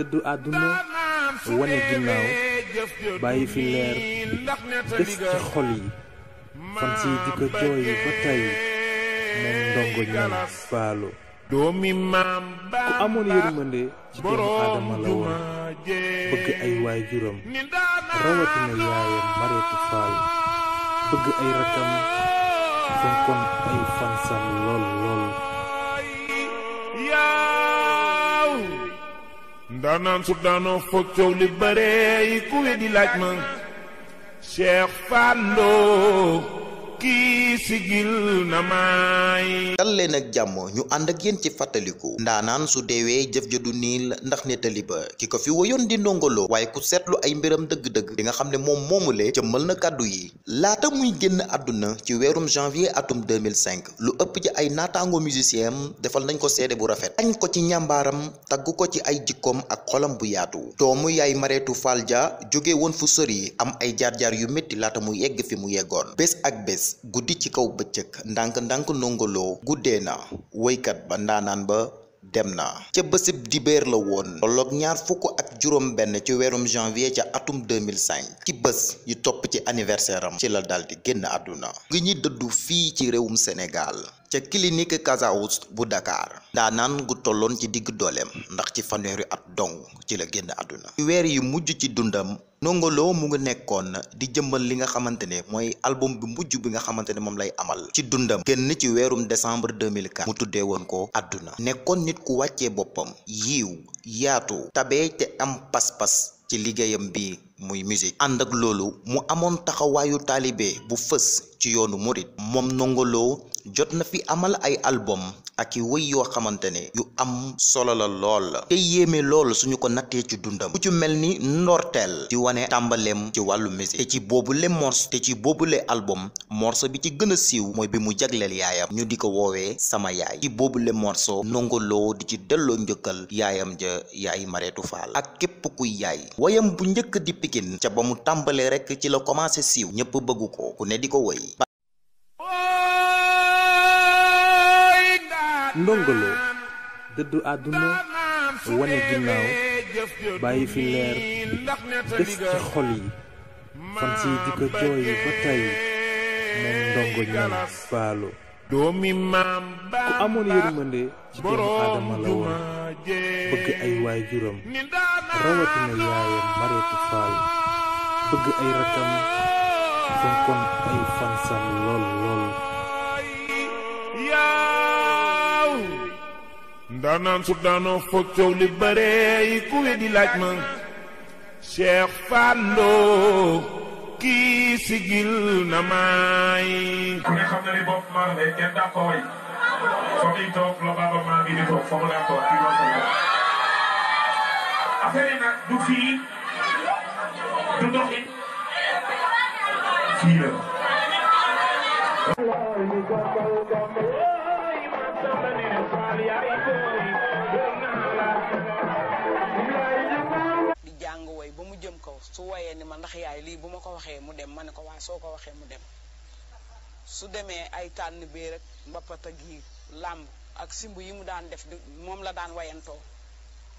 dëddu àdduna wane ginnaaw bàyyi fi leer des ci xol yi fan di ko jooy ba tey moom ndongo ñaan baalo ku amoon yërmande ci doomu aadama la bëgg ay waajuram rawatina yaayam Mareetu Faal bëgg ay rakkam fonkoon ay fansam lool lool ndaanaan su daanoo coow li bare yi ku we di laaj ma Cheikh Fallou kii sigil na maay dal leen ak jàmm ñu ànd ak yéen ci fàttaliku ndaanaan su deewee jëf ja du niil ndax nettali ba ki ko fi woyoon di ndongolo waaye ku seetlu ay mbiram dëgg-dëgg di nga xam ne moom moomule jëmmal na kàddu yi laata muy génn àdduna ci weerum janvier atum 2005 lu ëpp ci ay naataango musicien defal nañ ko seede bu rafet añ ko ci ñàmbaaram tagg ko ci ay jikkoom ak xolam bu yaatu doomu yaay mareetu Fall Dia jóge woon fu sori am ay jaar-jaar yu métti laata mu yegg fi mu yeggoon bés ak bés guddi ci kaw bëccëg ndànk-ndànk nongoloo guddee na woykat ba ndaanaan ba dem na ca bésib dibeer la woon tolloog ñaar fukk ak juróom benn ci weerum janvier ca atum 2005 ci bés yu topp ci anniversaire am ci la daldi génn àdduna ngi ñi dëddu fii ci réewum Sénégal ca clinique Casaous bu Dakar ndaanaan gu tolloon ci diggu dooleem ndax ci fanweeri at dong ci la génn àdduna weer yu mujj ci dundam Ndongo Lo mu ngi nekkoon di jëmbal li nga xamante ne mooy album bi mujj bi nga xamante ne moom lay amal ci dundam génn ci weerum décembre 2004 mu tuddee woon ko àdduna nekkoon nit ku wàccee boppam yiiw yaatu tabee te am pas-pas ci liggéeyam bi muy musique ànd ak loolu mu amoon taxawaayu taalibe bu fës ci yoonu murit moom Ndongo jot na fi amal ay album ak i wëy yoo xamante ne yu am solo la lool te yéeme lool suñu ko nattee ci dundam bu ci mel ni ndorteel di wane tàmbaleem ci wàllu musique te ci boobule morceau te ci boobule album morceau bi ci gën a siiw mooy bi mu jagleel yaayam ñu di ko woowee sama yaay ci boobule morceau Ndongo Lo di ci delloo njëkkal yaayam ja yaay Mareetu Faal ak képp kuy yaay wayam bu njëkk di Pikine ca ba mu tàmbalee rek ci la commencé siiw ñëpp bëggu ko ku di ko woy Ndongo Lo dëddu àdduna wane ginnaaw fi leer des ci xol yi moom ndongo ñaan baalo ku amoon yërmande ci doomu aadama la woon bëgg ay waajuram rawatina yaayam Marietou Fall bëgg ay rakam fonkoon ay fansam lool lool yaaw ndaanaan su daanoo foog coow li ku we di laaj ma Cheikh Fallou kii sigil na maay. ne xam na ni bopp maa ngi lay kenn daa ko way. fa maa ngi di toog fa toog kii moo affaire yi di jàng woy ba mu jëm kaw su woyee ni ma ndax yaay lii bu ma ko waxee mu dem ma ne ko waaye soo ko waxee mu dem su demee ay tànn bee rek mbappat ak làmb ak simb yi mu daan def moom la daan wayantoo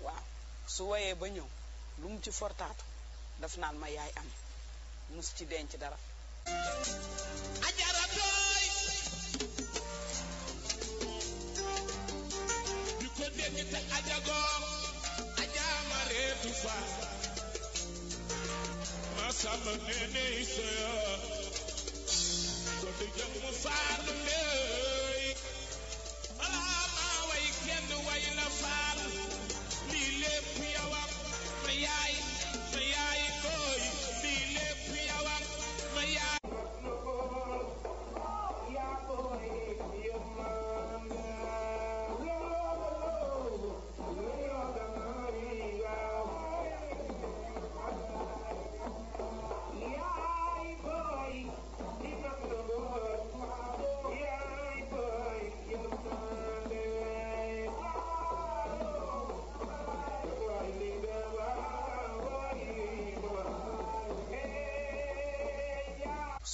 waaw su woyee ba ñëw lu mu ci fortaatu daf naan ma yaay am mus ci denc dara ajaratooy di ko dégg te ajagoo ajaama reetu fa masamba nene isoyo ko dëgg mu faalu lee yaay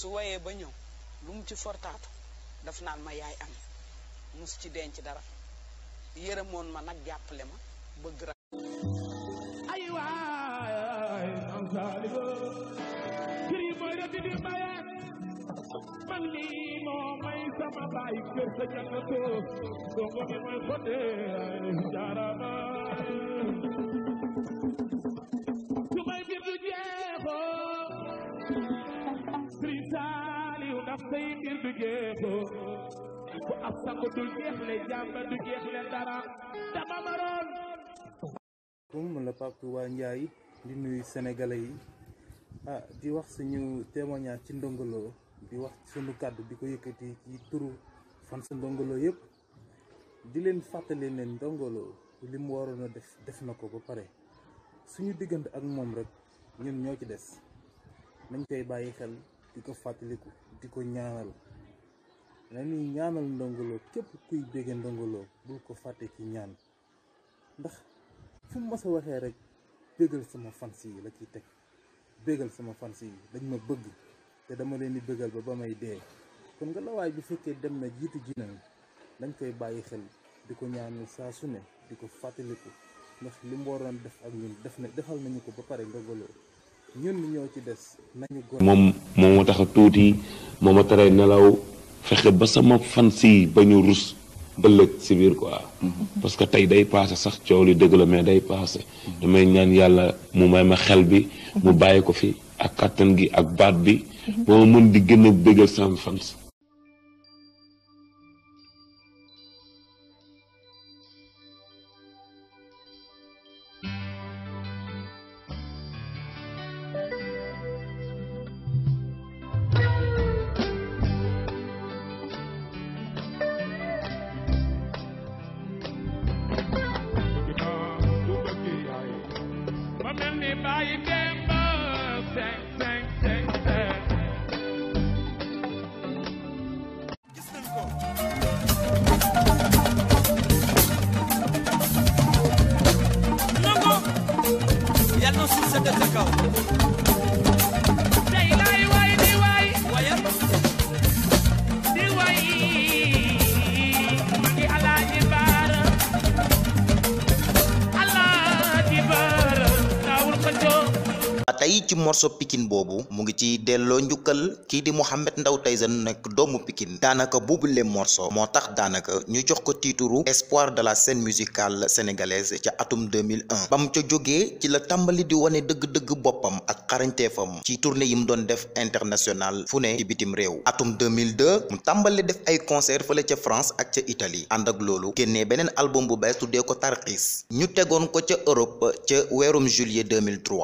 su woyee ba ñëw lu mu ci fortaatu daf naan ma yaay am mus ci denc dara yërëmoon ma nag jàppale ma bëgg ra ay waay am saaliba kiri mooy rëddi di maye man lii moo may sama baay kër sa jàng ko dongo bi mooy fote ay sangutul jeexle jàmba di nuyu sénégalais yi ah, di wax suñu ci Ndongo Lo di kàddu di ko yëkkati ci turu fan sa Ndongo yëpp di leen fàttali ne Ndongo Lo na ko ba pare suñu diggante ak moom rek ñun ñoo ci des dañ koy bàyyi xel di ko fàttaliku di ko ñaanal dañuy ñaanal Ndongo Lo képp kuy béggee Ndongo Lo bul ko fàtte ci ñaan ndax fu mu waxee rek bégal sama fans yi la ciy teg bégal sama fans yi dañ ma bëgg te dama leen di bégal ba ba may dee kon nga la bu fekkee dem na jiitu ji nañ dañ koy bàyyi xel di ko ñaanal saa su ne di ko fàttaliku ndax li mu waroon def ak ñun def na defal nañu ko ba pare Ndongo Lo ñun ñoo ci des nañu. moom moo ma tax a tuuti moo ma tere nelaw. fexe ba sama fan si ba ñu rus ëllëg si biir quoi. Mhm. parce que tey day paase sax coow li dëgg la mais day paase. damay ñaan yàlla mu may ma xel bi. mu mhm. bàyyi ko fi ak kàttan gi ak baat bi. Mhm. ba ma mën di gën a bégal mu fan morso Pikine boobu mu ngi ci delloo njukkal kii di Mouhamed Ndao Tyson nekk doomu Pikine daanaka boobule morso moo tax daanaka ñu jox ko tiituru espoir de la scène musicale sénégalaise ca atum 2001 bam ca jógee ci la tàmbali di wone dëgg-dëgg boppam ak xarañteefam ci tournée yi mu doon def international fu ne ci bitim réew atum 2002 mu tàmbali def ay concert fële ca France ak ca Italie ànd ak loolu génnee beneen album bu bees tuddee ko tarxiis ñu tegoon ko ca Europe ca weerum juillet 2003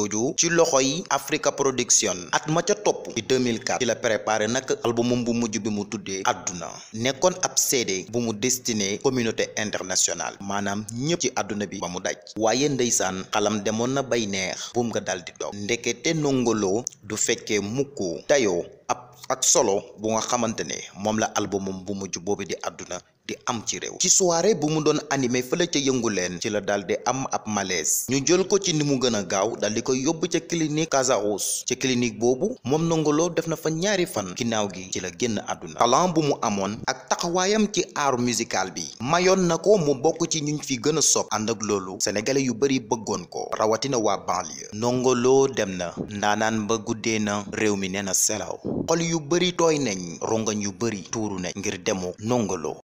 jooju ci loxo yi Africa Production at ma ca topp di 2004 ci la préparer nag albumum bu mujj bi mu tuddee àdduna nekkoon ab CD bu mu destiné communauté internationale maanaam ñëpp ci àdduna bi ba mu daj waaye ndeysaan xalam demoon na bay neex buum nga dal di doog te nongolo du fekkee mukk dayoo ab ak solo bu nga xamante ne moom la albumum bu mujj boobu di àdduna di am ci réew ci soirée bu mu doon animé fële ca yëngu leen ci la daal am ab malaise ñu jël ko ci ni mu gën a gaaw daal di koy yóbbu ca clinique Casarousse ci clinique boobu moom Ndongo def na fa ñaari fan ginnaaw gi ci la génn àdduna talent bu mu amoon ak taxawaayam ci art musical bi mayoon na ko mu bokk ci ñuñ fi gën a sopp ànd ak loolu sénégalais yu bari bëggoon ko rawatina waa banlieue Ndongo Lo dem na ndaanaan ba guddee na réew mi nee na selaw xol yu bari tooy nañ rongañ yu bari tuuru nañ ngir demu Ndongo